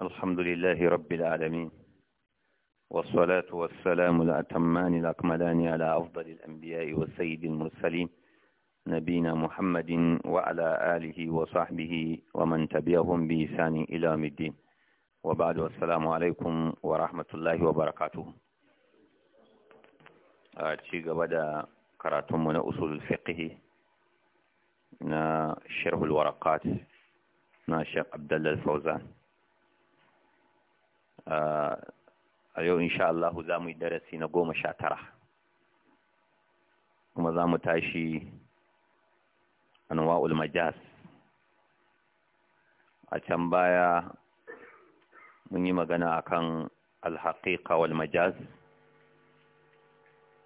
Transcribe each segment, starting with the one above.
الحمد لله رب العالمين والصلاة والسلام الأتمان الأكملان على أفضل الأنبياء والسيد المرسلين نبينا محمد وعلى آله وصحبه ومن تبعهم بإحسان إلى يوم الدين وبعد السلام عليكم ورحمة الله وبركاته أتشيق بدأ من أصول الفقه نا شرح الورقات نا شيخ عبد الله الفوزان a yau insha Allah za mu yi darasi na goma sha tara kuma za mu tashi anwa'ul ulmajas. a can baya mun yi magana akan alhaƙiƙa walmajas. majaz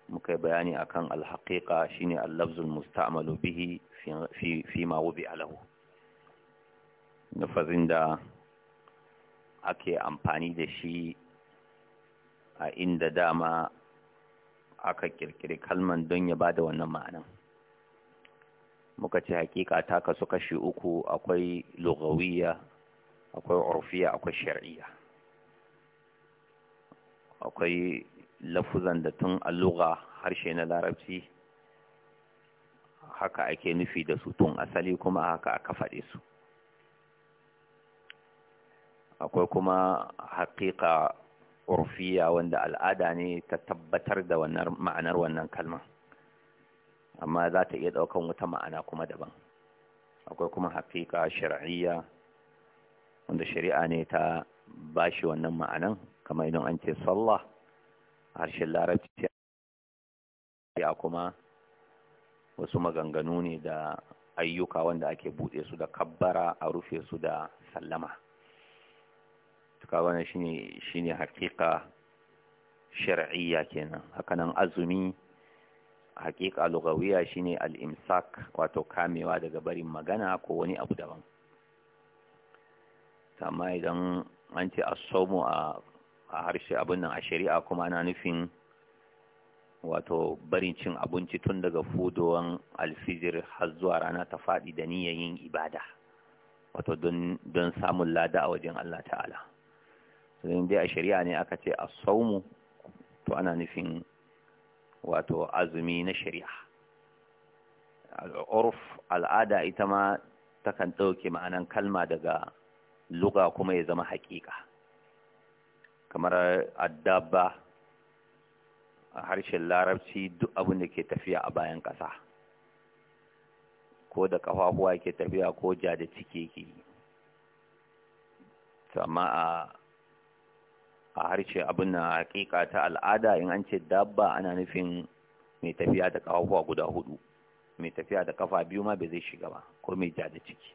muka yi bayani akan alhaƙiƙa shine allafzul musta'malu bihi fi ma wubi alahu nufazin da ake amfani da shi a inda dama aka kirkiri kalman don ya bada wannan ma'anan muka ce hakika ta kasu kashi uku akwai lugawiya akwai orfiya akwai shari'a akwai lafuzan da tun a harshe na larabci haka ake nufi da su tun asali kuma haka aka faɗe su akwai kuma haƙiƙa urfiya wanda al'ada ne ta tabbatar da wannan ma'anar wannan kalma amma za ta iya ɗaukan wata ma'ana kuma daban akwai kuma haƙiƙa shari'a wanda shari'a ne ta bashi wannan ma'anan kamar idan an ce sallah harshen larabci ya kuma wasu maganganu ne da ayyuka wanda ake buɗe su da kabbara a rufe su da sallama ka ne shine ne haqiqa shar'iyya kenan hakanan azumi hakika lugawiya shine al-imsak wato kamewa daga barin magana ko wani abu daban amma idan an ce a somo a harshe abin nan a shari'a kuma na nufin wato barin cin abinci tun daga fudowan alfijir har zuwa rana ta faɗi da niyyar yin ibada wato don samun lada a wajen Allah ta'ala sai dai a shari'a ne aka ce a saumu to ana nufin wato azumi na shari'a al'urf al'ada ita ma takan ɗauke ma'anan kalma daga luga kuma ya zama haƙiƙa kamar addabba a harshen larabci duk abin da ke tafiya a bayan ƙasa ko da ƙafafuwa ke tafiya ko ja da ciki ke amma a a harshe abin na haƙiƙa ta al'ada in an ce dabba ana nufin mai tafiya da ƙafafuwa guda hudu mai tafiya da ƙafa biyu ma bai zai shiga ba ko mai ja da ciki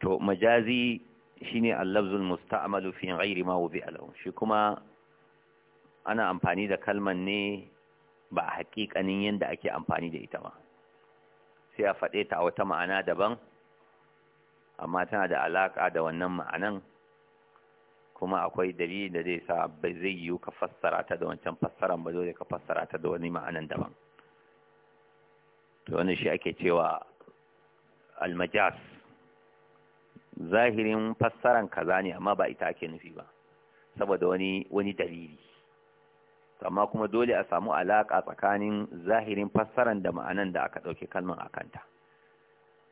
to majazi shine al-lafzul musta'malu fi ghairi ma wubi alahu shi kuma ana amfani da kalman ne ba a haƙiƙanin yadda ake amfani da ita ba sai a faɗe ta a wata ma'ana daban amma tana da alaƙa da wannan ma'anan kuma akwai dalilin da zai sa ba zai yiwu ka fassara ta da wancan fassaran ba dole ka fassara ta da wani ma'anan daban to wannan shi ake cewa almajas zahirin fassaran kaza ne amma ba ita ake nufi ba saboda wani wani dalili amma kuma dole a samu alaka tsakanin zahirin fassaran da ma'anan da aka dauke kalman akanta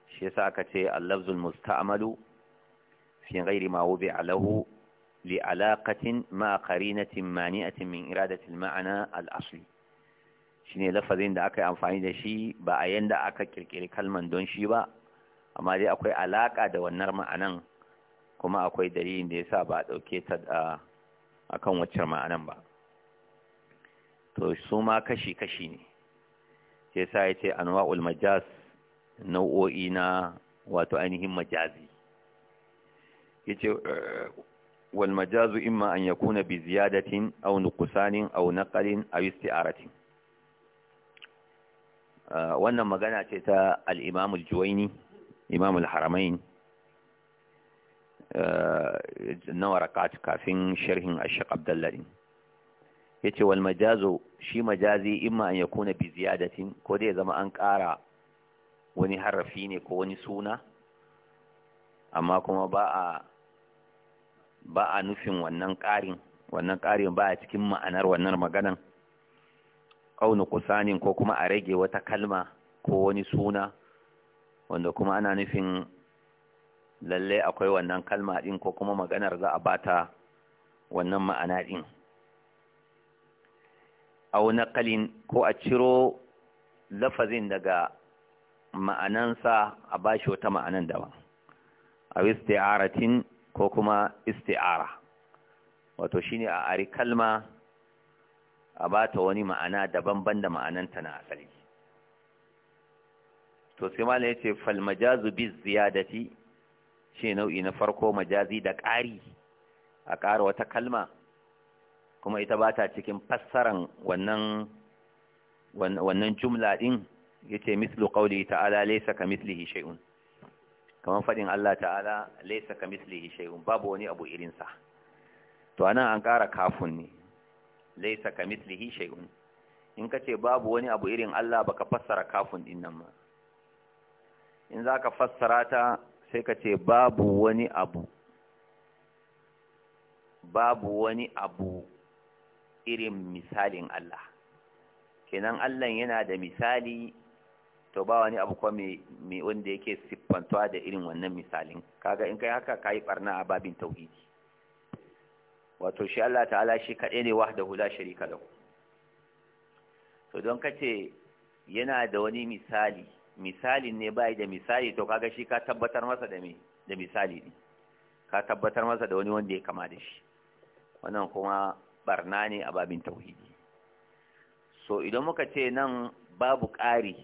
shi yasa aka ce al-lafzul musta'malu fi ghairi ma wubi'a lahu li'alaƙatin ma qarinatin mani'atin min iradatil ma'ana al'asli shine lafazin da aka yi amfani da shi ba a yanda aka kirkiri kalman don shi ba amma dai akwai alaƙa da wannan ma'anan kuma akwai dalilin da yasa ba a ɗauke ta a akan waccan ma'anan ba to su kashi-kashi ne sai sa ya ce anwa'ul majas nau'o'i na wato ainihin majazi ya wal majazu imma an yakuna bi ziyadatin aw nuqsanin aw naqalin aw isti'aratin ah, wannan magana ce ta al-Imam al-Juwayni Imam al-Haramain ah, na warakat kafin sharhin Ash-Shaykh Abdullah yace wal majazu shi majazi imma an yakuna bi ziyadatin ko dai zama an ƙara wani harafi ne ko wani suna amma kuma ba a ba a nufin wannan ƙarin wannan ƙarin ba a cikin ma'anar wannan maganan kusa kusanin ko kuma a rage wata kalma ko wani suna wanda kuma ana nufin lalle akwai wannan kalma ɗin ko kuma maganar za a bata wannan ma'ana ɗin wani ƙalin ko a ciro lafazin daga ma'anansa a bashi wata ma'anan daban a isti'aratin ko kuma isti'ara wato shine a ari kalma a bata wani ma'ana daban-ban da ma'ananta na asali to sai malai yace fal majazu bi ziyadati shi nau'i na farko majazi da ƙari a ƙara wata kalma kuma ita bata cikin fassaran wannan wannan jumla din yace mislu qawli ta'ala laysa ka mislihi shay'un kamar faɗin Allah ta'ala laisa ka mislihi shay'un babu wani abu irinsa to anan an ƙara kafun ne laisa ka mislihi shay'un in ka ce babu wani abu irin Allah baka fassara kafun din nan ma in za ka fassara ta sai ka ce babu wani abu babu wani abu irin misalin Allah kenan Allah yana da misali to ba wani abu kuma mai wanda yake siffantuwa da irin wannan misalin kaga in kai haka kayi barna a babin tauhidi wato shi Allah ta'ala shi kaɗai ne wahdahu la sharika lahu to don kace yana da wani misali misalin ne bai da misali to kaga shi ka tabbatar masa da me da misali ne ka tabbatar masa da wani wanda ya kama da shi wannan kuma barna ne a babin tauhidi so idan muka ce nan babu ƙari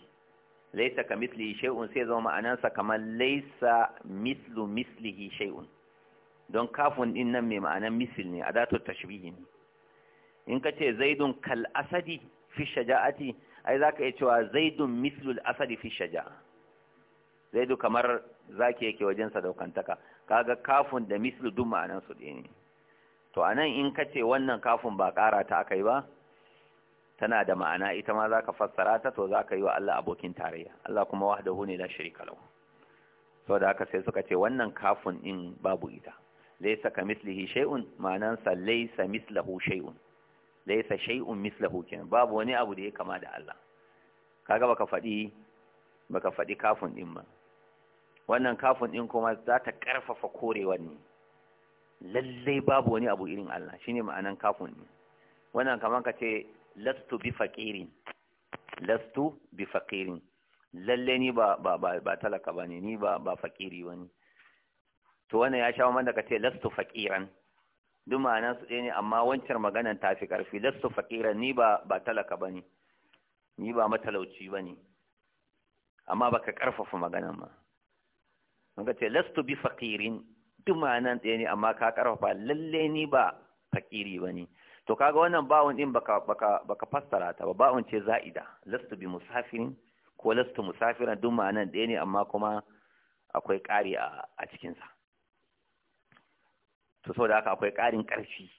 laisa ka mislihi shay'un sai zama ma'anansa kamar laisa mislu mislihi shay'un don kafin din nan mai ma'anan misil ne adatu tashbihi ne in ka ce zaidun kal asadi fi shaja'ati ai zaka iya cewa zaidun mislul asadi fi shaja'a zaidu kamar zaki yake wajen sadaukantaka kaga kafin da mislu duk ma'anan su ne to anan in ka ce wannan kafin ba kara ta akai ba tana da ma'ana ita ma za ka fassara ta to za ka yi wa Allah abokin tarayya Allah kuma wahdahu ne la sharika lahu da haka sai suka ce wannan kafun din babu ita laysa ka shay'un ma'anan sa laysa mislahu shay'un laysa shay'un mislahu kenan babu wani abu da ya kama da Allah kaga baka fadi baka fadi kafun din ba wannan kafin ɗin kuma za ta karfafa korewa ne lallai babu wani abu irin Allah shine ma'anan kafun ɗin wannan kaman ka ce lastu bi faƙirin, lastu bi faƙirin, lalle ni ba ba ba talaka ne ni ba ba fakiri wani to wannan ya sha wanda ka ce lastu faƙiran, duk ma'anar su ne amma wancan maganan ta fi ƙarfi. lastu faƙiran ni ba ba talaka ne ni ba matalauci ne amma baka ƙarfafa maganan ma ka ce lastu bi faƙirin, duk ma'anar ɗaya ne amma ka ƙarfafa, lalle ni ba faƙiri ba ne. to kaga wannan bawun din baka baka baka fassara ta ba bawun ce za'ida lastu bi musafirin ko lastu musafiran duk ma'anan ɗaya ne amma kuma akwai ƙari a a cikin sa to saboda haka akwai ƙarin ƙarfi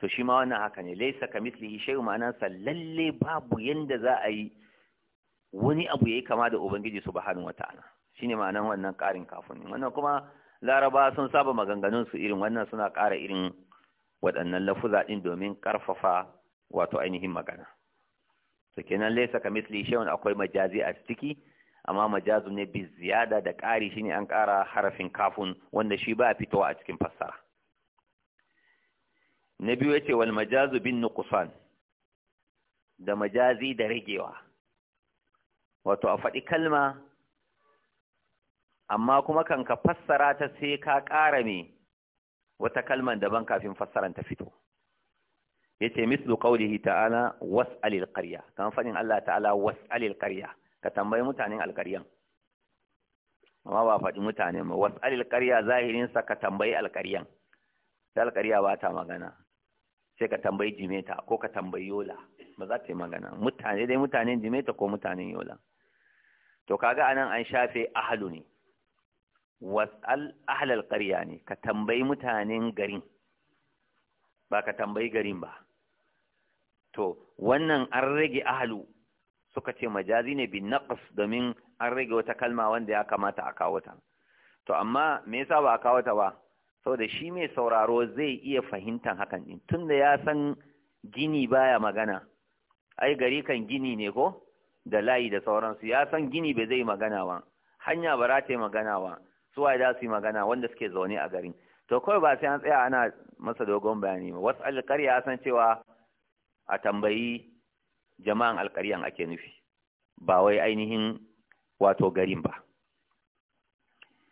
to shi ma wannan haka ne laysa kamithlihi shay'un ma'anan sa lalle babu yanda za a yi wani abu yayi kama da ubangiji subhanahu wata'ala shine ma'anan wannan ƙarin kafin wannan kuma laraba sun saba maganganun su irin wannan suna ƙara irin waɗannan lafuza ɗin domin ƙarfafa wato ainihin magana to kenan laisa ka misli shay'un akwai majazi a ciki amma majazu ne bi ziyada da ƙari shine an ƙara harafin kafun wanda shi ba fitowa a cikin fassara na biyu ce wal majazu bin nukusan da majazi da ragewa wato a faɗi kalma amma kuma kan ka fassara ta sai ka ƙara me wata kalman daban kafin fassaran ta fito yace mislu qawlihi ta'ala was'alil qarya kan fadin Allah ta'ala was'alil qarya ka tambayi mutanen alqaryan amma ba faɗi mutane ma was'alil qarya zahirin sa ka tambayi alqaryan sai alqarya ba ta magana sai ka tambayi jimeta ko ka tambayi yola ba za ta yi magana mutane dai mutanen jimeta ko mutanen yola to kaga anan an shafe ahlu ne was'al ahlal qarya ne ka tambayi mutanen garin ba ka tambayi garin ba to wannan an rage ahlu suka ce majazi ne bi naqs domin an rage wata kalma wanda ya kamata a kawo ta to amma me yasa ba a kawo ta ba saboda shi mai sauraro zai iya fahimtar hakan din tunda ya san gini baya magana ai gari kan gini ne ko da layi da sauransu ya san gini bai zai magana ba hanya ba za ta yi magana ba su waye za su yi magana wanda suke zaune a garin to kawai ba sai an tsaya ana masa dogon bayani ba wasu alƙarya san cewa a tambayi jama'an alƙaryan ake nufi ba wai ainihin wato garin ba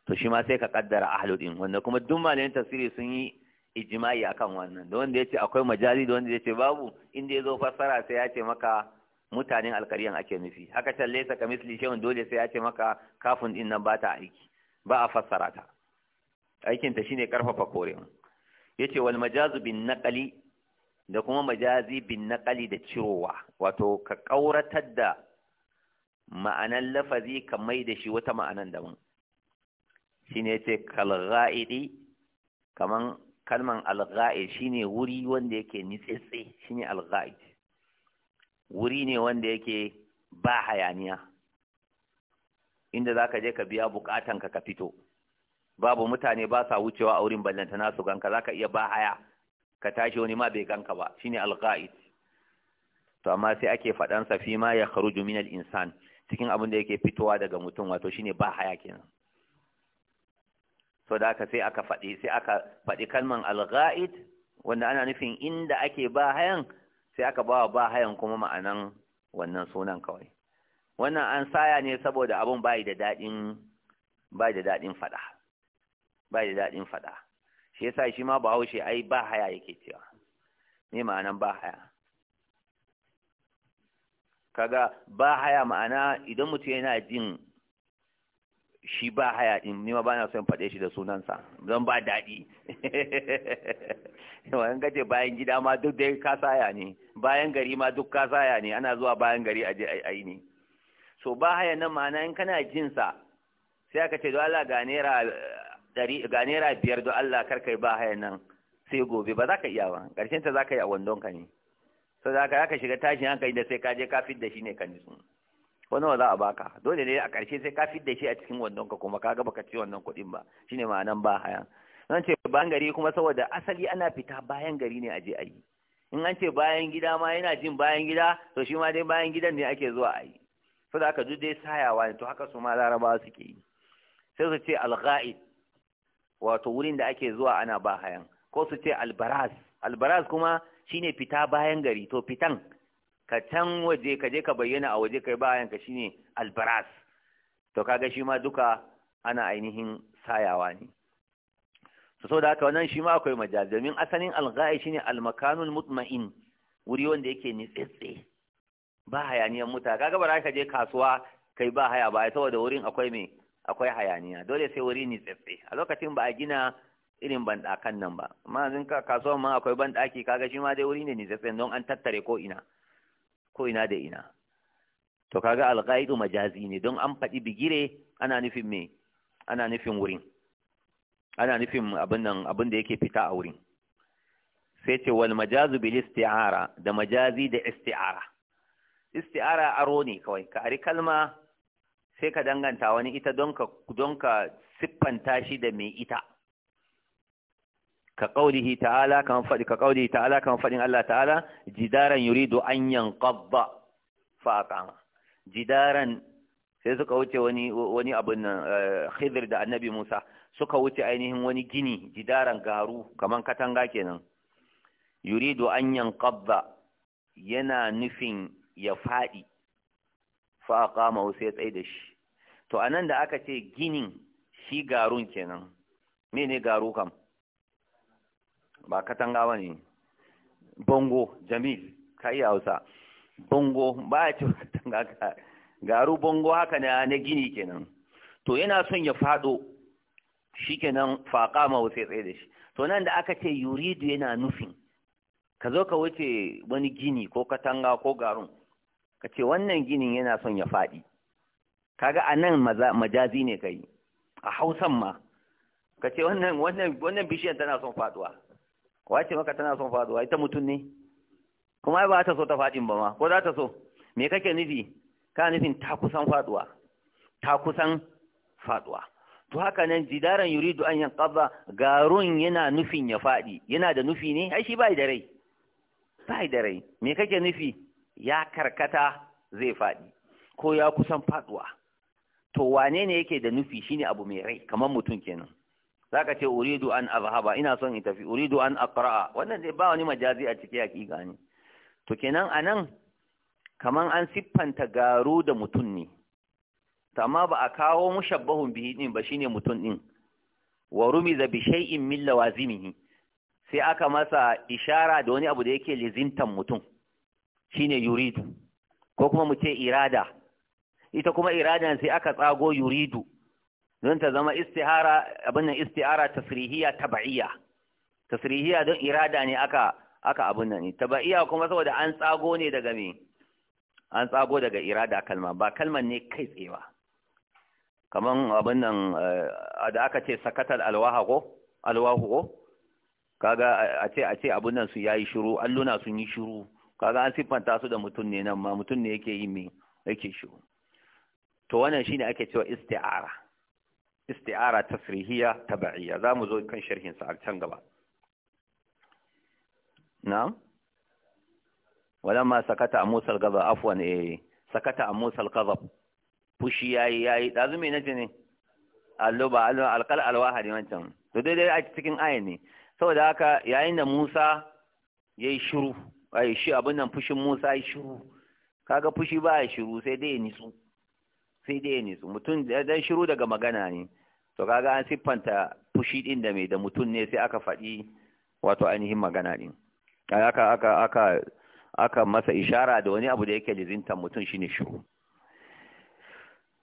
to shi ma sai ka kaddara ahlu din wanda kuma duk malamin tasiri sun yi ijma'i akan wannan da wanda yace akwai majali da wanda yace babu inda yazo fassara sai ya ce maka mutanen alkariyan ake nufi haka can laysa ka misli dole sai ya ce maka kafin din nan ta aiki ba a fassara ta aikin ta shine karfafa korewa yace wal majazu bin naqli da kuma majazi bin naqli da cirowa wato ka kauratar da ma'anan lafazi ka mai da shi wata ma'anan daban shine yace kal gha'idi kaman kalman al-gha'id shine wuri wanda yake nitsitsi shine al-gha'id wuri ne wanda yake ba hayaniya inda za ka je ka biya bukatan ka ka fito babu mutane ba sa wucewa a wurin ballantana su ganka za ka iya ba haya ka tashi wani ma bai ganka ba shine alqa'id to amma sai ake faɗan sa fi ma ya karu min al-insan cikin abin da yake fitowa daga mutum wato shine ba haya kenan so da aka sai aka faɗi sai aka faɗi kalman alga'id wanda ana nufin inda ake ba hayan sai aka ba wa ba hayan kuma ma'anan wannan sunan kawai wannan an saya ne saboda abun bai da daɗin bai da daɗin faɗa bai da daɗin faɗa shi yasa shi ma bahaushe ai ba haya yake cewa me ma'anan ba haya kaga ba haya ma'ana idan mutum yana jin shi ba haya din nima ba na son faɗe shi da sunansa don ba daɗi wani gaje bayan gida ma duk dai ka saya ne bayan gari ma duk kasaya ne ana zuwa bayan gari a je a yi ne to ba haya nan ma'ana in kana sa sai aka ce do Allah ga naira dari eh, ga naira biyar do Allah kar kai ba haya nan sai gobe ba za ka iya ba Karshen ta za ka yi a wandon ka ne so za ka ka shiga tashin hankali da sai ka je ka fit da shi ne ka nisu wani wa za a baka dole ne a ƙarshe sai ka fit da shi a cikin wandon ka kuma kaga baka ci wannan kuɗin ba shine ma'anan ba haya an ce bayan gari kuma saboda asali ana fita bayan gari ne a je a yi in an ce bayan gida ma yana jin bayan gida to shi ma dai bayan gidan ne ake zuwa a yi ko da aka ji dai sayawa ne to haka su ma larabawa suke yi sai su ce alga'id wato wurin da ake zuwa ana ba hayan ko su ce albaraz albaraz kuma shine fita bayan gari to fitan ka can waje ka je ka bayyana a waje kai bayan ka shine albaraz to kaga shi ma duka ana ainihin sayawa ne to saboda haka wannan shi ma akwai majaz domin asalin alga'i shine almakanul mutma'in wuri wanda yake nitsetse ba hayaniyan muta kaga ba za ka je kasuwa kai ba haya ba saboda wurin akwai me akwai hayaniya dole sai wuri ni tsetse a lokacin ba a gina irin banɗakan nan ba amma ka kasuwan ma akwai banɗaki kaga shi ma dai wuri ne ni tsetse don an tattare ko ina ko ina da ina to kaga alghaidu majazi ne don an faɗi bigire ana nufin me ana nufin wurin ana nufin abin nan abin da yake fita a wurin sai ce wal majazu bil isti'ara da majazi da isti'ara isti'ara aro ne kawai ka ari kalma sai ka danganta wani ita don ka don ka siffanta shi da mai ita ka qaulihi ta'ala kan fadi ka qaulihi ta'ala kan fadin Allah ta'ala jidaran yuridu an yanqadha fa aqama jidaran sai suka wuce wani wani abun eh, khidr da annabi Musa suka wuce ainihin wani gini jidaran garu kaman katanga kenan yuridu an yanqadha yana nufin ya faɗi fa kama sai tsaye da shi to anan da aka ce ginin shi garun kenan mene garu kam ba katanga ba ne bongo jamil ka iya hausa bongo ba ya ce katanga garu bongo haka na na gini kenan to yana son ya faɗo shi kenan faƙa ma sai tsaye da shi to nan da aka ce yuridu yana nufin ka zo ka wuce wani gini ko katanga ko garun ka ce wannan ginin yana son ya faɗi kaga a nan majazi ne kai a hausan ma ka ce wannan wannan wannan bishiyar tana son faduwa wace maka tana son faɗuwa? ita mutum ne kuma ba ta so ta faɗin ba ma ko za ta so me kake nufi ka nufin ta kusan faɗuwa. ta kusan faɗuwa. to haka nan jidaran yuridu an yanqadha garun yana nufin ya faɗi yana da nufi ne ai shi bai da rai bai da rai me kake nufi ya karkata zai faɗi ko ya kusan faɗuwa to wane ne yake da nufi shine abu mai rai kamar mutum kenan zaka ce uridu an azhaba ina son in tafi uridu an aqra'a wannan dai ba wani majazi a ciki hakika ne to kenan anan kamar an siffanta garu da mutum ne amma ba a kawo shabbahun bihi din ba shine mutum din wa rumiza bi shay'in min lawazimihi sai aka masa ishara da wani abu da yake lizintan mutum shine yuridu ko kuma mu ce irada ita kuma irada sai aka tsago yuridu don ta zama istihara abin nan istihara tasrihiya tabaiya tasrihiya don irada ne aka aka abin nan ne tab'iyya kuma saboda an tsago ne daga me an tsago daga irada kalma ba kalman ne kai tsaye ba kaman abin nan eh, da aka ce sakatal alwaha ko alwahu ko kaga a ce a ce abin nan su yayi shiru alluna sun yi shiru kaga an siffanta su da mutum ne nan ma mutum ne yake yi me yake shi to wannan shine ake cewa isti'ara isti'ara tasrihiyya Za mu zo kan sharhin sa a can gaba na'am walamma sakata Musa al afwan eh sakata Musa al fushi yayi yayi dazu me nace ne alluba alqal alwahadi wancan to dai dai a cikin ayin ne saboda haka yayin da Musa yayi shiru ai shi abin nan fushin Musa ya shiru kaga fushi ba ya shiru sai dai ya nitsu sai dai ya nitsu mutum dan shiru daga magana ne to kaga an siffanta fushi din da mai da mutum ne sai aka faɗi wato ainihin magana din aka aka aka aka masa ishara da wani abu da yake lizinta mutum shine shiru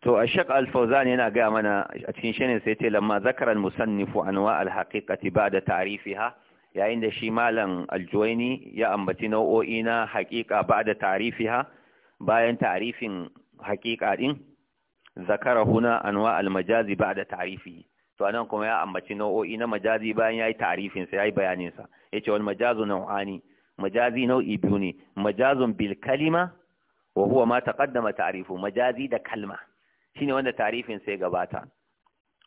to ashaq al-fawzan yana ga mana a cikin shine sai ta lamma zakara al-musannifu anwa al-haqiqati ba'da ta'rifiha yayin da shi malam aljoini ya ambaci nau'o'i na haƙiƙa ba da ha, bayan tarifin haƙiƙa ɗin zakara huna anwa almajazi ba da tarifi to anan kuma ya ambaci nau'o'i na majazi bayan ya yi tarifinsa ya yi bayaninsa ya ce wani majazu nau'ani majazi nau'i biyu ne majazun bil kalima wa huwa ma taqaddama ta'rifu majazi da kalma shine wanda tarifin ya gabata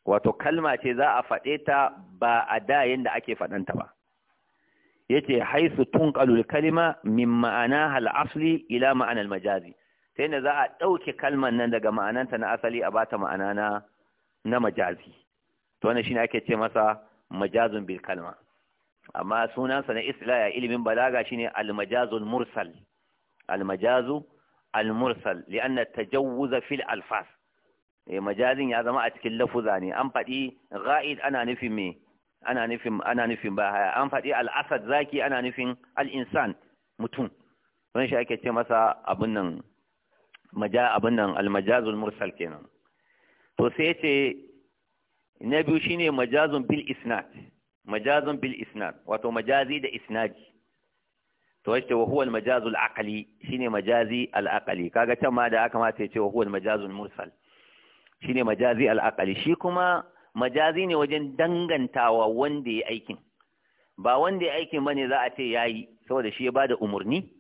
wato kalma ce za a faɗe ta ba a da yanda ake faɗanta ba yace haisu kalul kalima min ma'ana hal asli ila ma'ana al-majazi sai da za a ɗauke kalman nan daga ma'ananta na asali a bata ma'ana na na majazi to wannan shine ake ce masa majazun bil kalma amma sunan sunansa na islaya ilimin balaga shine al-majazul mursal al-majazu al-mursal li'anna tajawuz fil alfas eh majazin ya zama a cikin lafuza ne an faɗi ghaid ana nufin me ana nufin ana nufin ba haya an faɗi al-asad zaki ana nufin al-insan mutum don shi ake ce masa abun nan maja abun nan al-majazul mursal kenan to sai ce na biyu shine majazun bil isnad majazun bil isnad wato majazi da isnadi to wace wa huwa al-majazul aqli shine majazi al-aqli kaga can ma da aka mata ce wa huwa al-majazul mursal shine majazi al-aqli shi kuma majazi ne wajen dangantawa wanda ya aikin ba wanda ya aikin bane za a ce yi saboda shi ya bada umurni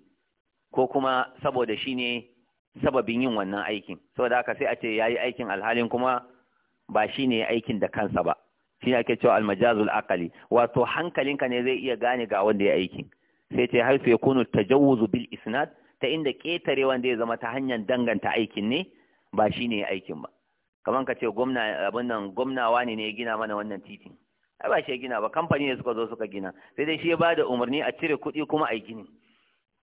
ko kuma saboda shi ne sababin yin wannan aikin saboda haka sai a ce ya yi aikin alhalin kuma ba shi ne aikin da kansa ba shi ne ake cewa almajazul akali wato hankalinka ne zai iya gane ga wanda ya aikin sai ce har ya kunu tajawuzu bil isnad ta inda ketare wanda ya zama ta hanyar danganta aikin ne ba shi ne aikin ba kamar ka ce gwamna abin nan gwamnawa ne ne ya gina mana wannan titin ai ba shi ya gina ba kamfani ne suka zo suka gina sai dai shi ya ba da umarni a cire kuɗi kuma a yi gini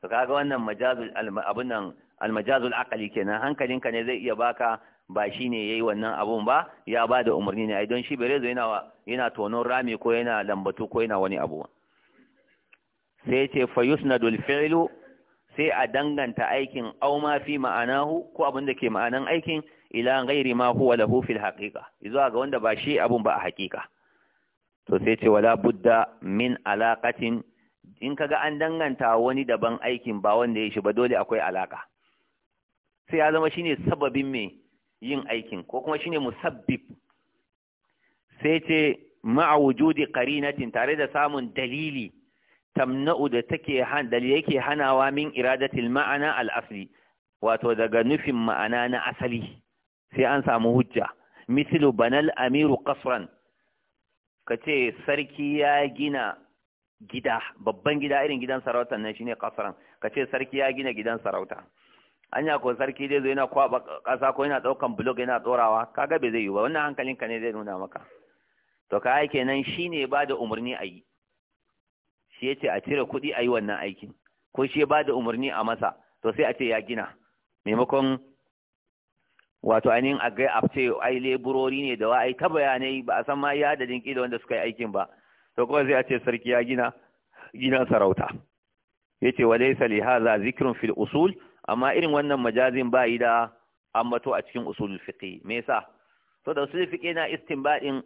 to kaga wannan majazul abin nan almajazul aqli kenan hankalinka ne zai iya baka ba shi ne yayi wannan abun ba ya bada umarni ne ai don shi bare zo yana yana tonon rami ko yana lambatu ko yana wani abu sai ce fa yusnadul fi'lu sai a danganta aikin au ma fi ma'anahu ko abin da ke ma'anan aikin ila ghairi ma huwa lahu fil haqiqa zuwa ga wanda ba shi abun ba a haqiqa to sai ce wala budda min alaqatin in kaga an danganta wani daban aikin ba wanda ya shi ba dole akwai alaka sai ya zama shine sababin me yin aikin ko kuma shine musabbib sai ce ma'a wujudi qarinatin tare da samun dalili tamna'u da take dalilai yake hanawa min iradatil ma'ana al-asli wato daga nufin ma'ana na asali sai an samu hujja mithlu banal amiru qasran kace sarki ya gina gida babban gida irin gidan sarauta nan shine qasran kace sarki ya gina gidan sarauta anya ko sarki dai zo yana kwaba kasa ko yana daukan blog yana tsorawa kaga bai zai yi ba wannan hankalinka ne zai nuna maka to kai kenan shine ba da umarni a yi shi yace a cire kuɗi a yi wannan aikin ko shi ba da umarni a masa to sai a ce ya gina maimakon wato ainihin a ga ce ai leburori ne da wa'ai ta bayanai ba a san ma ya da jinki da wanda suka yi aikin ba to kuma sai a ce sarki ya gina gina sarauta yace wa laysa li hadha zikrun fil usul amma irin wannan majazin ba yi da ambato a cikin usulul fiqh me yasa to da usulul fiqh na istinbadin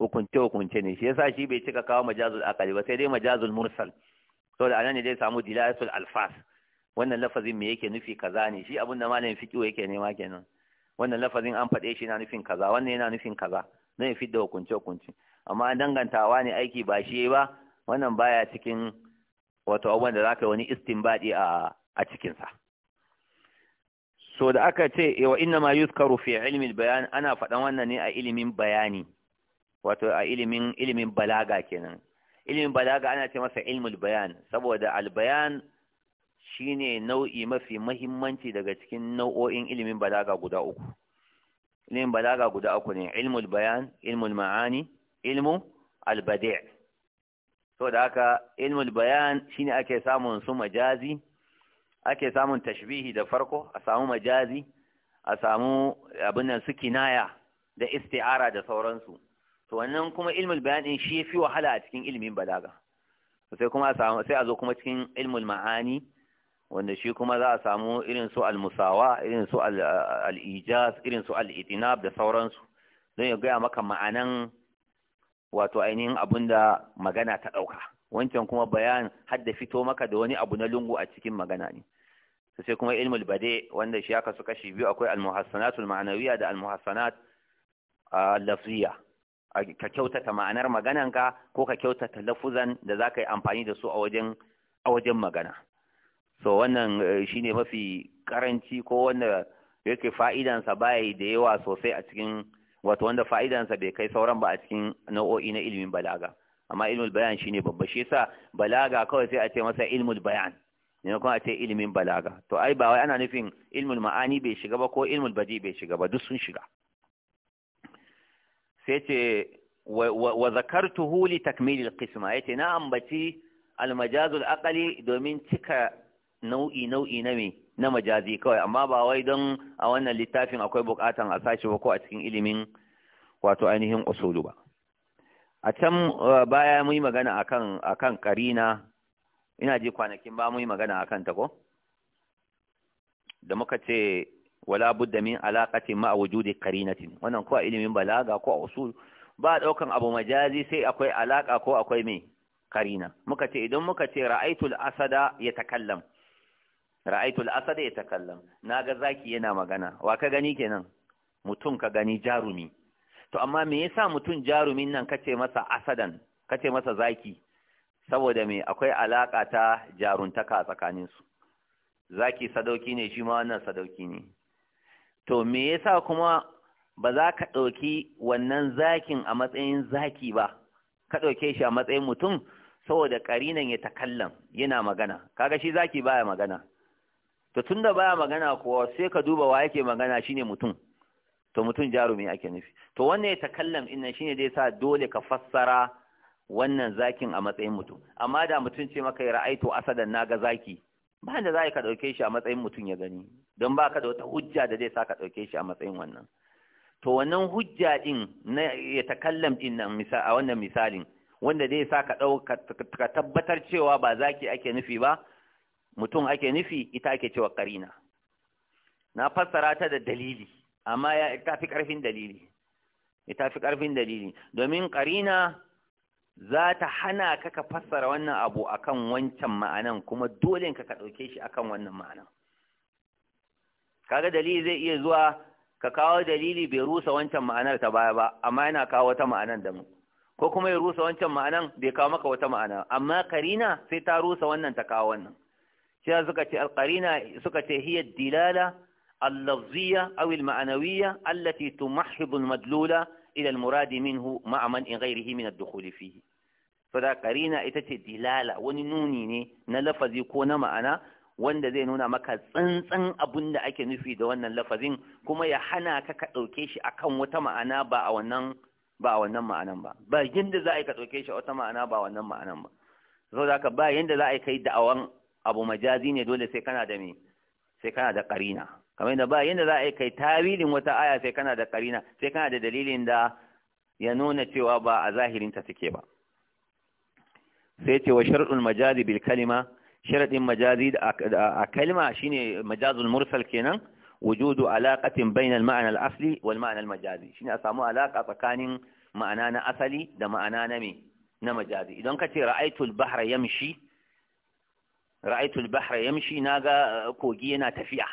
hukunce hukunce ne shi yasa shi bai cika kawo majazul akali ba sai dai majazul mursal saboda anan ne zai samu dilayatul alfas wannan lafazin me yake nufi kaza ne shi abin da malamin fiqh yake nema kenan wannan lafazin an faɗe shi yana nufin kaza wannan yana nufin kaza zai fi da hukunce hukunce amma dangantawa ne aiki ba shi ba wannan baya cikin wato abubuwan da zaka wani istinbadi a a cikin sa so da aka ce wa inna ma yuzkaru fi ilmi bayan ana faɗan wannan ne a ilimin bayani wato a ilimin ilimin balaga kenan ilimin balaga ana ce masa ilmul bayan saboda albayan shine nau'i mafi mahimmanci daga cikin nau'o'in ilimin balaga guda uku ilimin balaga guda uku ne ilmul bayan ilmul ma'ani ilmu albadi' to da haka ilmul bayan shine ake samun su majazi ake samun tashbihi da farko a samu majazi a samu abin nan su kinaya da isti'ara da sauransu to wannan kuma ilmul bayan din shi fi wahala a cikin ilmin balaga sai kuma sai a zo kuma cikin ilmul ma'ani wanda shi kuma za a samu irin su al-musawa irin su al-ijaz irin su al-itinab da sauransu don ya gaya maka ma'anan wato ainihin abin da magana ta ɗauka wancan kuma bayan har da fito maka da wani abu na lungu a cikin magana ne sai kuma ilmul bade wanda shi aka su kashi biyu akwai al-muhassanatul ma'anawiyya da al-muhassanat al-lafziyya ka kyautata ma'anar magananka ko ka kyautata lafuzan da za ka yi amfani da su a wajen a wajen magana so wannan eh, shine mafi karanci ko wanda yake fa'idansa bai da yawa sosai a cikin wato wanda fa'idansa bai kai sauran ba a cikin nau'o'i na ilimin balaga amma ilmul bayan shine babba shi yasa balaga kawai sai a ce masa ilmul bayan ne kuma a ce ilimin balaga to ai ba wai ana nufin ilmul ma'ani bai shiga ba ko ilmul badi bai shiga ba duk sun shiga sai ce wa zakartu huli takmili alqisma yace na ambaci almajazul aqali domin cika nau'i nau'i na me na majazi kawai amma ba wai don a wannan littafin akwai bukatan a sashi ba ko a cikin ilimin wato ainihin usulu ba a can uh, baya mun yi magana akan akan karina ina ji kwanakin ba mun yi magana akan ta ko da muka ce wala budda min alaqatin ma wujudi qarinatin wannan ko a ilimin balaga ko a usul ba daukan abu majazi sai akwai alaka ko akwai me karina muka ce idan muka ce ra'aitul asada yatakallam ra'aitul asada yatakallam naga zaki yana magana wa ka gani kenan mutum ka gani jarumi to amma me yasa mutum jarumin nan kace masa asadan kace masa zaki saboda me akwai alaka ta jaruntaka tsakaninsu zaki sadauki ne shi ma wannan sadauki ne to me yasa kuma ba za ka ɗauki wannan zakin a matsayin zaki ba ka ɗauke shi a matsayin mutum saboda ƙarinan ya takallam yana magana kaga shi zaki baya magana to da baya magana kuwa sai ka duba wa yake magana shine mutum to mutum jarumi ake nufi to wannan ya takallam din shine zai sa dole ka fassara wannan zakin a matsayin mutum amma da mutum ce maka ya ra'aitu asadan naga zaki ba da za ka ɗauke shi a matsayin mutum ya gani don ba ka da wata hujja da zai sa ka ɗauke shi a matsayin wannan to wannan hujja ɗin na ya takallam ɗin nan a wannan misalin wanda zai sa ka ka tabbatar cewa ba zaki ake nufi ba mutum ake nufi ita ake cewa karina na fassara ta da dalili amma ya ta fi ƙarfin dalili ya fi ƙarfin dalili domin karina za ta hana ka ka fassara wannan abu akan wancan ma'anan kuma dole ka ka ɗauke shi akan wannan ma'anan kaga dalili zai iya zuwa ka kawo dalili bai rusa wancan ma'anar ta baya ba amma yana kawo wata ma'anan da mu ko kuma ya rusa wancan ma'anan bai kawo maka wata ma'ana amma karina sai ta rusa wannan ta kawo wannan Sai suka ce alqarina suka ce hiya dilala اللفظية أو allati التي تمحض madlula إلى المراد muradi مع من man in ghairihi min ad-dukhul fihi fada qarina ita ce dilala wani nuni ne na lafazi ko na ma'ana wanda zai nuna maka tsantsan abin da ake nufi da wannan lafazin kuma ya hana ka ka ɗauke shi akan wata ma'ana ba a wannan ba a wannan ma'anan ba ba yadda za a yi ka ɗauke shi a wata ma'ana ba wannan ma'anan ba saboda haka ba yanda za a yi kai da'awan abu majazi ne dole sai kana da me sai kana da ƙarina kamar da ba yadda za a yi kai tawilin wata aya sai kana da karina sai kana da dalilin da ya nuna cewa ba a zahirin ta take ba sai ce wa shar'ul majazi bil kalima sharadin majazi a kalima shine majazul mursal kenan wujudu alaqatin bainal ma'ana asli wal ma'anar al-majazi shine a samu alaka tsakanin ma'ana na asali da ma'ana na me na majazi idan ka ce ra'aitul bahra yamshi ra'aitul bahra yamshi naga kogi yana tafiya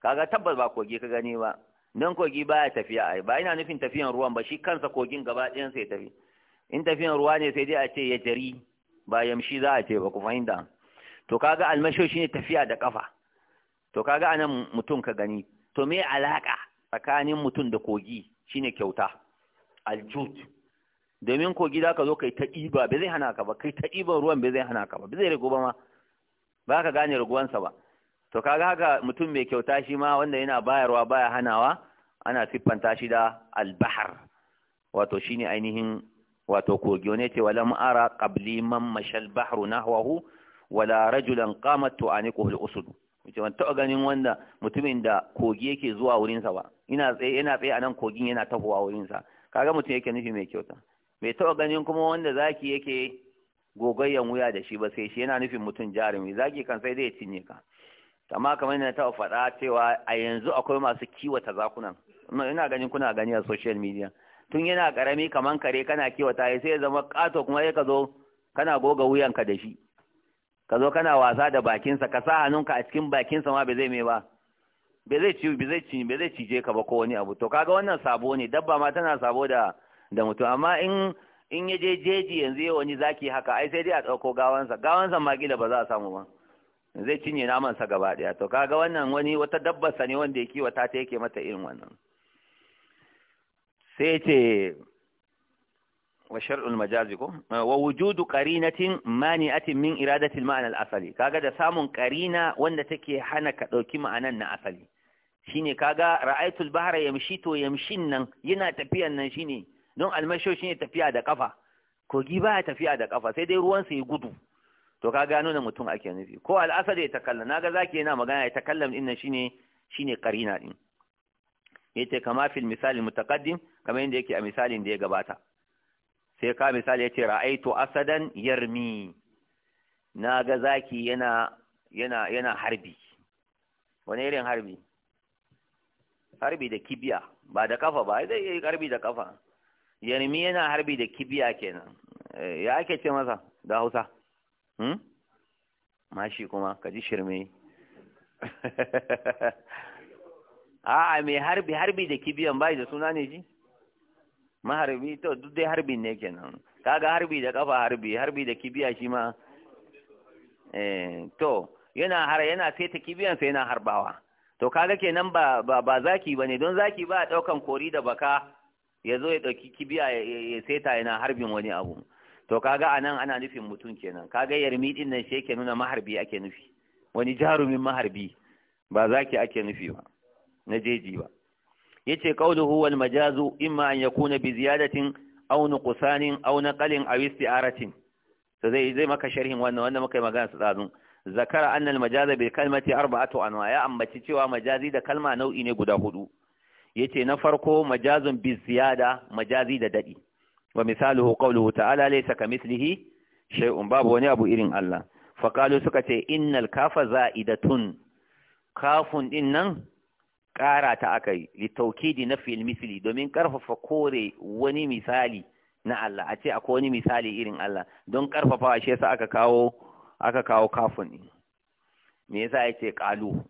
kaga tabbas ba kogi ka gani ba nan kogi baya tafiya ai ba ina nufin tafiyan ruwan ba shi kansa kogin gaba ɗayan sai tafi in tafiyan ruwa ne sai dai a ce ya jari ba yamshi za a ce ba ku fahimta to kaga almasho shine tafiya da kafa to kaga anan mutum ka gani to me alaka tsakanin mutum da kogi shine kyauta aljut domin kogi za ka zo kai ta ba zai hana ka ba kai ta ruwan ba zai hana ka ba ba zai rigo ba ma ba ka gane raguwansa ba to kaga haka mutum mai kyauta shi ma wanda yana bayarwa baya hanawa ana siffanta shi da albahar wato shine ainihin wato kogi ne ce wala ma'ara qabli man mashal bahru nahwahu wala rajulan qamat tu'aniquhu al-usud wace ban ganin wanda mutumin da kogi yake zuwa wurinsa ba ina tsaye yana tsaye a kogin yana tafowa wurinsa kaga mutum yake nufi mai kyauta bai taɓa ganin kuma wanda zaki yake gogayyan wuya da shi ba sai shi yana nufin mutum jarumi zaki kan sai zai cinye ka amma kamar yana taɓa faɗa cewa a yanzu akwai masu kiwata zakunan ina ganin kuna gani a social media tun yana ƙarami kamar kare kana kiwata ya sai ya zama ƙato kuma ya ka zo kana goga wuyanka da shi ka zo kana wasa da bakinsa ka sa hannunka a cikin bakinsa ma ba zai mai ba ba zai ci ba zai ci ba zai cije ka ba ko wani abu to kaga wannan sabo ne dabba ma tana sabo da da mutum amma in in ya je jeji yanzu ya wani zaki haka ai sai dai a ɗauko gawansa gawansa ma kila ba za a samu ba zai cinye namansa gaba daya to kaga wannan wani wata dabbarsa ne wanda ya kiwata ta yake mata irin wannan sai ce wa shar'ul majazi ko wa wujudu qarinatin mani'atin min iradatil ma'ana al-asali kaga da samun qarina wanda take hana ka dauki ma'anan na asali shine kaga al bahra yamshi to yamshin nan yana tafiyan nan shine don al-mashu shine tafiya da kafa kogi baya tafiya da kafa sai dai ruwan sa ya gudu to ka gano na mutum ake nufi ko al'asar ya takallam naga zaki yana magana ya takallam din nan shine shine karina din yace kama fil misali mutaqaddim kamar yadda yake a misalin da ya gabata sai ka misali yace ra'aitu asadan yarmi naga zaki yana yana yana harbi wani irin harbi harbi da kibiya ba da kafa ba zai yi harbi da kafa yarmi yana harbi da kibiya kenan eh, ya ake ce masa da Hausa Hmm? mashi kuma ka ji shirme a mai harbi harbi da kibiyan bai da suna ne ji maharbi to duk dai harbin ne kenan kaga harbi da kafa harbi harbi da kibiya shi ma eh to yana har yana sai ta kibiyan sai yana harbawa to kaga kenan ba ba ba zaki bane don zaki ba daukan kori da baka ya zo ya dauki kibiya ya seta yana harbin wani abu to kaga anan ana nufin mutum kenan kaga yarmi din nan shi yake nuna maharbi ake nufi wani jarumin maharbi ba zaki ake nufi ba na jeji ba yace qauluhu wal majazu imma an yakuna bi ziyadatin aw nuqsanin aw naqalin aw isti'aratin to zai zai maka sharhin wannan wanda muka yi magana su tsazun zakara annal majaza bil kalmati arba'atu anwa ya ambaci cewa majazi da kalma nau'i ne guda hudu yace na farko majazun bi ziyada majazi da dadi wa misaluhu qawluhu ta'ala laysa kamithlihi shay'un babu wani abu irin Allah fa qalu suka ce innal kafa za'idatun kafun din nan ƙara ta akai li tawkidi nafi al-misli domin karfafa kore wani misali na Allah a ce akwai wani misali irin Allah don karfafawa shi yasa aka kawo aka kawo kafun din me yasa yace qalu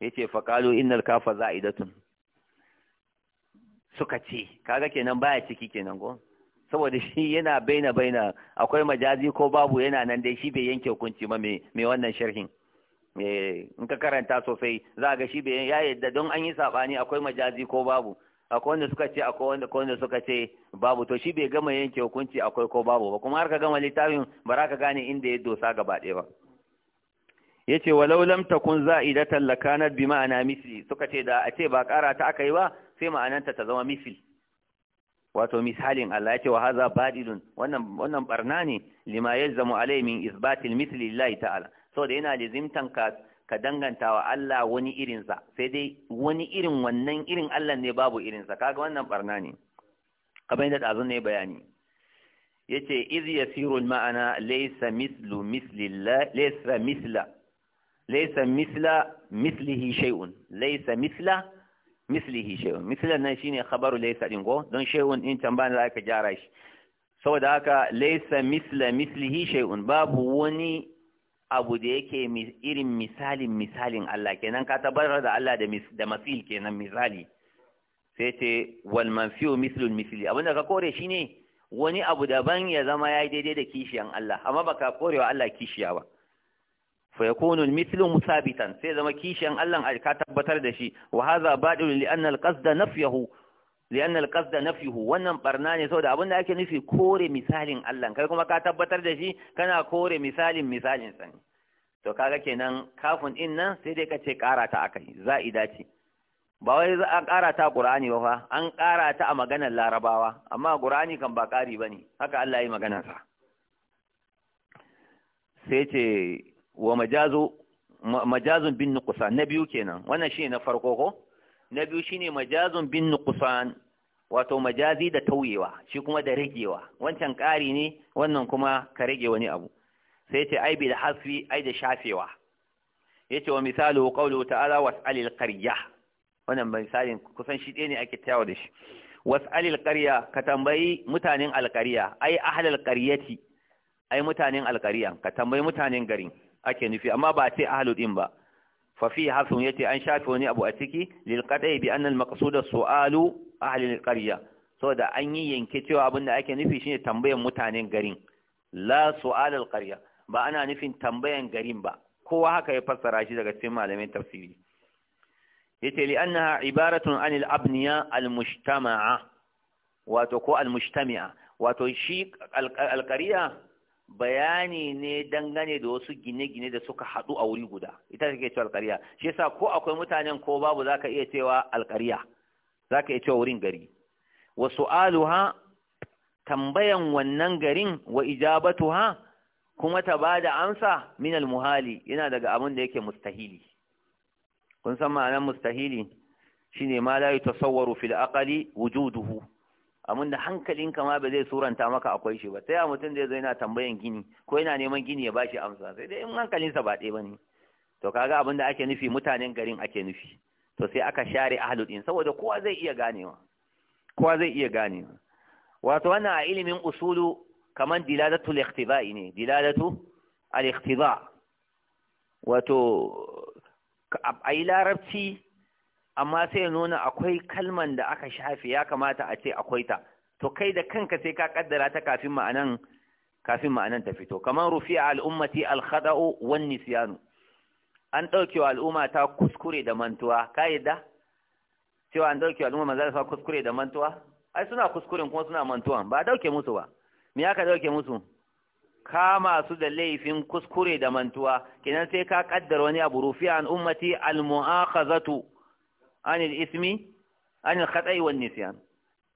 yace fa qalu innal kafa za'idatun suka ce kaga kenan baya ciki kenan go? saboda shi yana baina baina akwai majazi ko babu yana nan dai shi bai yanke hukunci ba me wannan sharhin in ka karanta sosai za ga shi bai ya yadda don an yi sabani akwai majazi ko babu akwai wanda suka ce akwai wanda ko wanda suka ce babu to shi bai gama yanke hukunci akwai ko babu ba kuma har ka gama littafin ba za ka gane inda ya dosa gaba ɗaya ba yace walau lam takun za'idatan lakanat bi ma'ana misli suka ce da a ce ba ƙara ta aka yi ba sai ma'ananta ta zama misil wato misalin Allah ya ce wa haza badilun wannan wannan barna ne lima yalzamu alai min isbatil misli lillahi ta'ala saboda yana lazimtan ka ka danganta wa Allah wani irin sa sai dai wani irin wannan irin Allah ne babu irin sa kaga wannan barna ne kamar yadda azun ne bayani yace iz yasiru ma'ana laysa mislu misli laysa misla laysa misla mislihi shay'un laysa misla mislihi shay'un mislan nan shine khabaru laysa din go don ɗin din za zaka gyara shi saboda haka laysa misla mislihi shay'un babu wani abu da yake irin misalin misalin Allah kenan ka tabbatar da Allah da da masil kenan misali sai ce wal manfi mislu misli abinda ka kore shine wani abu daban ya zama ya yi daidai da kishiyan Allah amma baka korewa Allah kishiya ba fa yakunu mithlu musabitan sai zama kishiyar Allah ka tabbatar da shi wa hadha badil li anna al-qasda nafyuhu li anna al-qasda nafyuhu wannan barna ne saboda abin da ake nufi kore misalin Allah kai kuma ka tabbatar da shi kana kore misalin misalin sa to kaga kenan kafin din nan sai dai kace karata akai za'ida ce ba wai za a karata Qur'ani ba fa an karata a maganar Larabawa amma Qur'ani kan ba kari bane haka Allah ya magana sa sai ce wa majazu majazun bin nuqsan na biyu kenan wannan shine na farko ko na biyu shine majazun bin nuqsan wato majazi da tauyewa shi kuma da ragewa wancan ƙari ne wannan kuma ka rage wani abu sai ce ai bil hasfi ai da shafewa yace wa misalu qawlu ta'ala was'alil qarya wannan misalin kusan shi ɗaya ne ake tayawa da shi was'alil qarya ka tambayi mutanen alqarya ai ahlal qaryati ai mutanen alqarya ka tambayi mutanen garin ake nufi amma ba a ce ahlu din ba fa fi hafsun yace an shafe wani abu a ciki lil qadai bi anna al maqsuda su'alu ahli al qarya saboda an yi yanke cewa abinda ake nufi shine tambayan mutanen garin la su'al al qarya ba ana nufin tambayan garin ba kowa haka ya fassara shi daga cikin malamin tafsiri yace li annaha ibaratun anil abniya al mujtama'a wato ko al mujtami'a wato shi al bayani ne dangane da wasu gine-gine da suka haɗu a wuri guda ita take cewa alƙariya shi yasa ko akwai mutanen ko babu zaka iya cewa Za ka iya cewa wurin gari wa ha tambayan wannan garin wa Ijabatu ha? kuma ta ba da amsa min almuhali yana daga abin da yake mustahili kun san ma'anar mustahili shine ma la yatasawwaru fil aqli wujuduhu amun da hankalinka ma ba zai suranta maka akwai shi ba sai a mutum zai zo yana tambayan gini ko yana neman gini ya bashi amsa sai dai in hankalinsa ba ɗaya bane to kaga abin da ake nufi mutanen garin ake nufi to sai aka share ahlul din saboda kowa zai iya ganewa kowa zai iya ganewa wato wannan a ilimin usulu kaman diladatu al-ikhtiba'i ne diladatu al-ikhtiba wato a yi larabci amma sai ya nuna akwai kalman da aka shafe ya kamata a ce akwai ta to kai da kanka sai ka kaddara ta kafin ma'anan kafin ma'anan ta fito kamar rufi'a al'ummati al-khada'u wan nisyan an dauke wa al'umma ta kuskure da mantuwa ka yadda cewa an dauke wa al'umma manzo sa kuskure da mantuwa ai suna kuskuren kuma suna mantuwa ba dauke musu ba me ya ka dauke musu kama su da laifin kuskure da mantuwa kenan sai ka kaddara wani abu rufi'a al-ummati al-mu'akhazatu anil ismi anil khatai wan nisyan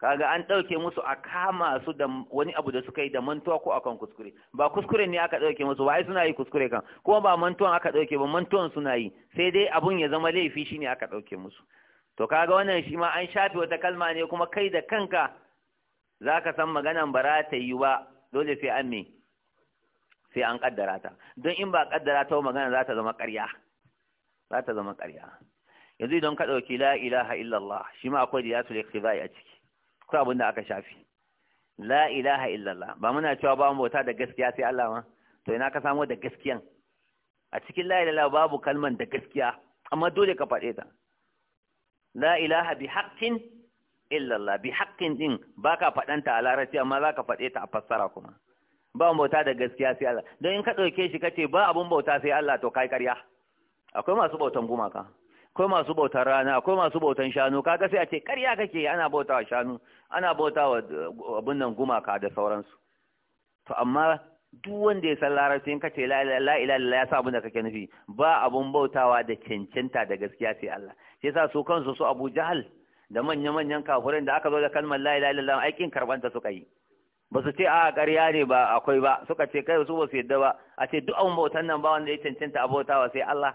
kaga an ɗauke musu a kama su da wani abu da suka yi da mantuwa ko akan kuskure ba kuskure ne aka ɗauke musu ba ai suna yi kuskure kan kuma ba mantuwan aka dauke ba mantuwan suna yi sai dai abun ya zama laifi shine aka dauke musu to kaga wannan shi ma an shafi wata kalma ne kuma kai da kanka zaka san maganan bara ta yi ba dole sai an me sai an kaddara ta don in ba kaddara ta magana za ta zama ƙarya za ta zama ƙarya yanzu idan ka ɗauki la ilaha illallah shi ma akwai da yatul ikhtibai a ciki akwai abin da aka shafi la ilaha illallah ba muna cewa ba mu bauta da gaskiya sai Allah ma to ina ka samo da gaskiyan a cikin la ilaha babu kalman da gaskiya amma dole ka faɗe ta la ilaha bi haqqin illallah bi haqqin din baka faɗanta a larabci amma zaka faɗe ta a fassara kuma ba bauta da gaskiya sai Allah don in ka ɗauke shi kace ba abun bauta sai Allah to kai ƙarya akwai masu bautan gumaka akwai masu bautar rana akwai masu bautan shanu kaga sai a ce ƙarya kake ana bautawa shanu ana bautawa eh, abin nan gumaka da sauransu to amma duk wanda ya san larabci in kace la ilaha illallah ya sa abin da kake nufi ba abun bautawa da cancanta da gaskiya sai Allah sai sa su kansu su Abu Jahl da manyan manyan kafirin da aka zo da kalmar la ilaha illallah aikin karbanta suka yi ba su ce a ƙarya ne ba akwai ba suka ce kai su ba su yadda ba a ce duk abun bautan nan ba wanda ya cancanta a bautawa sai Allah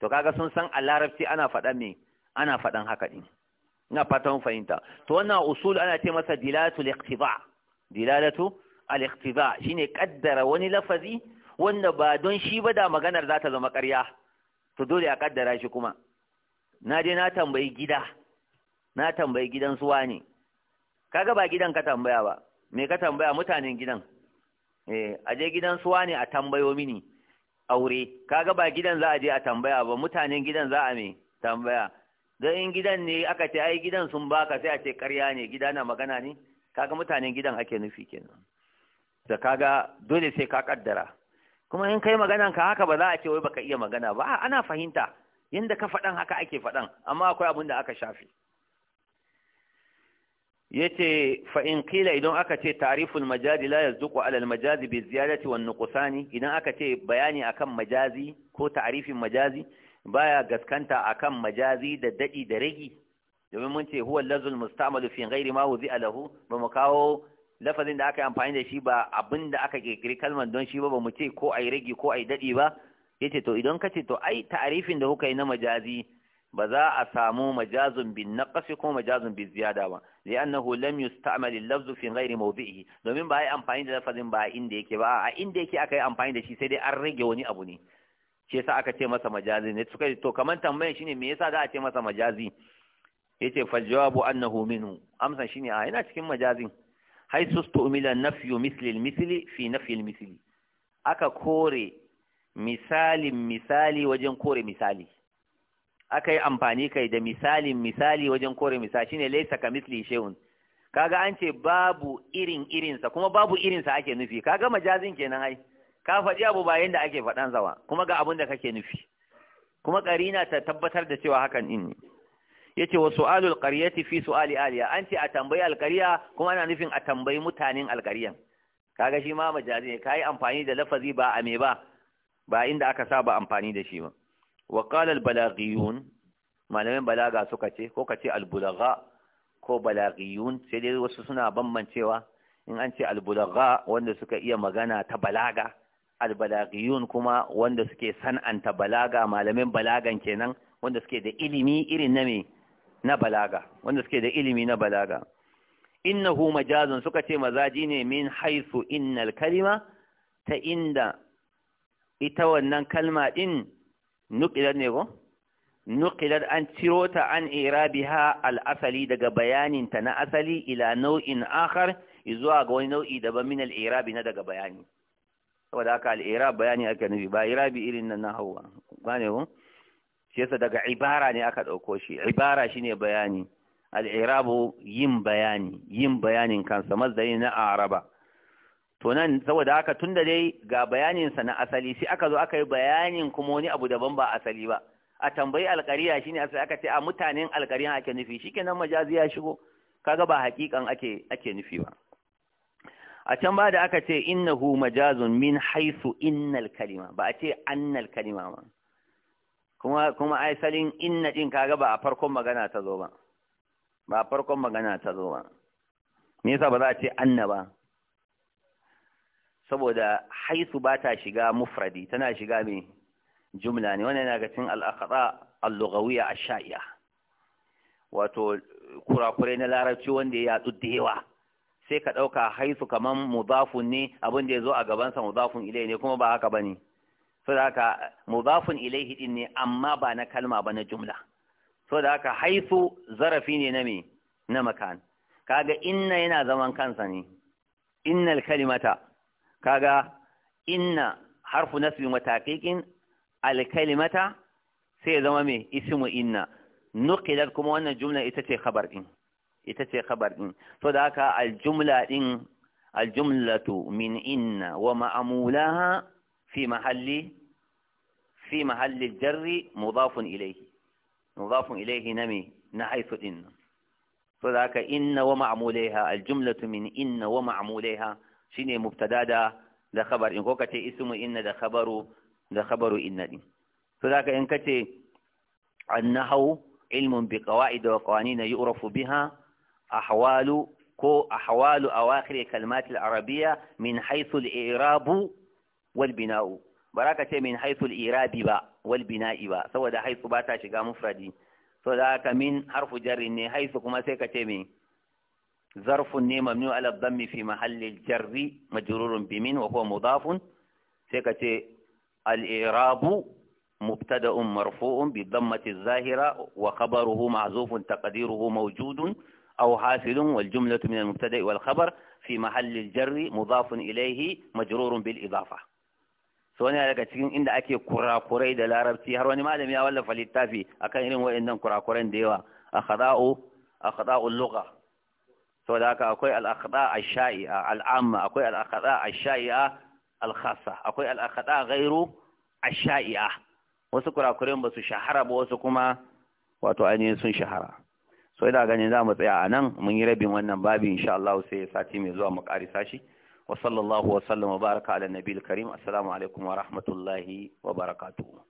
to kaga sun san a larabci ana faɗan me ana faɗan haka ɗin. ina fatan fahimta to wannan usul ana ce masa dilatul liqtiba. dilalatu al-iqtiba shine kaddara wani lafazi wanda ba don shi ba da maganar za ta zama ƙarya to dole a kaddara shi kuma na je na tambayi gida na tambayi gidan suwa ne kaga ba gidan ka tambaya ba me ka tambaya mutanen gidan eh aje gidan suwa ne a tambayo mini aure kaga ba gidan za a je a tambaya ba mutanen gidan za a me tambaya don in gidan ne aka ce ai gidan sun baka sai a ce karya ne gida na magana ne kaga mutanen gidan ake nufi kenan da kaga dole sai ka kaddara kuma in kai maganan ka haka ba za a ce wai baka iya magana ba ana fahimta yanda ka faɗan haka ake faɗan amma akwai abin da aka shafe yace fa in qila idan aka ce ta'riful majazi la yazduqu ala al majazi bi ziyadati wan nuqsani idan aka ce bayani akan majazi ko ta'rifin majazi baya gaskanta akan majazi da dadi da ragi domin mun ce huwa lazul musta'malu fi ghairi ma wuzi alahu ba mu kawo lafazin da aka yi amfani da shi ba abinda aka kirkiri kalmar don shi ba ba mu ce ko ai ragi ko ai dadi ba yace to idan ka ce to ai ta'rifin da kuka yi na majazi ba za a samu majazun bin naqasi ko majazun bin ziyada ba li'annahu lam yusta'mal al-lafzu fi ghairi mawdi'ihi domin ba ai amfani da lafazin ba inda yake ba a inda yake aka yi amfani da shi sai dai an rage wani abu ne shi yasa aka ce masa majazi ne suka to kaman tambayar shine me yasa za a ce masa majazi yace fal jawabu annahu minhu shi shine a yana cikin majazin haisu stu'mila nafyu misli al-misli fi nafyi al-misli aka kore misalin misali wajen kore misali aka yi amfani kai da misalin misali wajen kore misali shine laisa ka misli shehun kaga an ce babu irin irinsa kuma babu irinsa ake nufi kaga majazin kenan ai ka faɗi abu ba yanda ake faɗan zawa kuma ga abin da kake nufi kuma karina ta tabbatar da cewa hakan din ne yace wa su'alul qaryati fi su'ali aliya an ce a tambayi alqarya kuma ana nufin a tambayi mutanen alqaryan kaga shi ma majazin ne kai amfani da lafazi ba a me ba ba inda aka saba amfani da shi ba wa qala al malamin balaga suka ce ko kace al-bulagha ko balaghiyun sai dai wasu suna bambancewa in an ce al wanda suka iya magana ta balaga al kuma wanda suke san'anta balaga malamin balagan kenan wanda suke da ilimi irin na me na balaga wanda suke da ilimi na balaga innahu majazun suka ce mazaji ne min haisu innal kalima ta inda ita wannan kalma din nuqilat ne ko nuqilat an ciro ta an irabiha al-asali daga bayanin ta na asali ila nau'in akhar zuwa ga wani nau'i daban min al-irabi na daga bayani saboda haka al-irab bayani ake nufi ba irabi irin nan na Hauwa gane ko shi yasa daga ibara ne aka dauko shi ibara shine bayani al-irabu yin bayani yin bayanin kansa mazdari na araba to nan saboda haka tun da dai ga bayaninsa na asali sai aka zo aka yi bayanin kuma wani abu daban ba asali ba a tambayi alkariya shine asali aka ce a mutanen alkariya ake nufi shikenan majazi ya shigo kaga ba hakikan ake ake nufi ba a can ba da aka ce innahu majazun min haisu innal kalima ba a ce annal kalima ba kuma kuma salin inna din kaga ba a farkon magana ta zo ba ba a farkon magana ta zo ba me yasa ba za a ce anna ba saboda haisu ba ta shiga mufradi tana shiga mai jumla ne wannan yana ga cin al'akada al a ash-sha'iya wato kurakure na larabci wanda ya yatsu da yawa sai ka ɗauka haisu kaman mudafun ne abin da yazo a gabansa sa mudafun ilayhi ne kuma ba haka bane saboda haka mudafun ilayhi din ne amma ba na kalma ba na jumla saboda haka haisu zarafi ne na me na makan kaga inna yana zaman kansa ne innal kalimata kaga inna harfu nasbi al alkalimata sai zama me ismu inna nuqilat kuma wannan jumla ita ce khabar din ita ce khabar din to da haka aljumla din aljumlatu min inna wa ma'mulaha fi mahalli fi mahalli jarri mudafun ilayhi mudafun ilayhi nami na haythu din to da haka inna wa ma'mulaha aljumlatu min inna wa ma'mulaha shine mubtada da da khabar in ko kace ismu inna da khabaru da khabaru inna din to zaka in kace annahu ilmun bi qawaid wa qawanin yu'rafu biha ahwalu ko ahwalu awakhir kalimat al-arabiyya min haythu al-i'rab wal bina'u baraka ce min haythu al-i'rabi ba wal bina'i ba saboda haythu ba ta shiga mufradi to zaka min harfu jarri ne haythu kuma sai ka ce min ظرف النيه ممنوع على الضم في محل الجر مجرور بمن وهو مضاف ثقتي الاعراب مبتدا مرفوع بالضمه الظاهره وخبره معزوف تقديره موجود او حاصل والجمله من المبتدا والخبر في محل الجر مضاف اليه مجرور بالاضافه سوني على كتير إن أكي كرا كوري دل العرب تي هروني ما لم يأول فليتافي أكان يرين وين نم كرا كورين ديوا أخذاؤه اللغة saboda haka akwai al'akada a sha'i'a al'amma akwai al'akada a sha'i'a al'khasa akwai al'akada gairu a sha'i'a wasu kurakurin ba su shahara ba wasu kuma wato ainihin sun shahara so ina ganin za mu tsaya a nan mun yi rabin wannan babi insha Allah sai sati mai zuwa mu karisa shi wa sallallahu wa sallama baraka ala nabiyil karim assalamu alaikum wa rahmatullahi wa barakatuh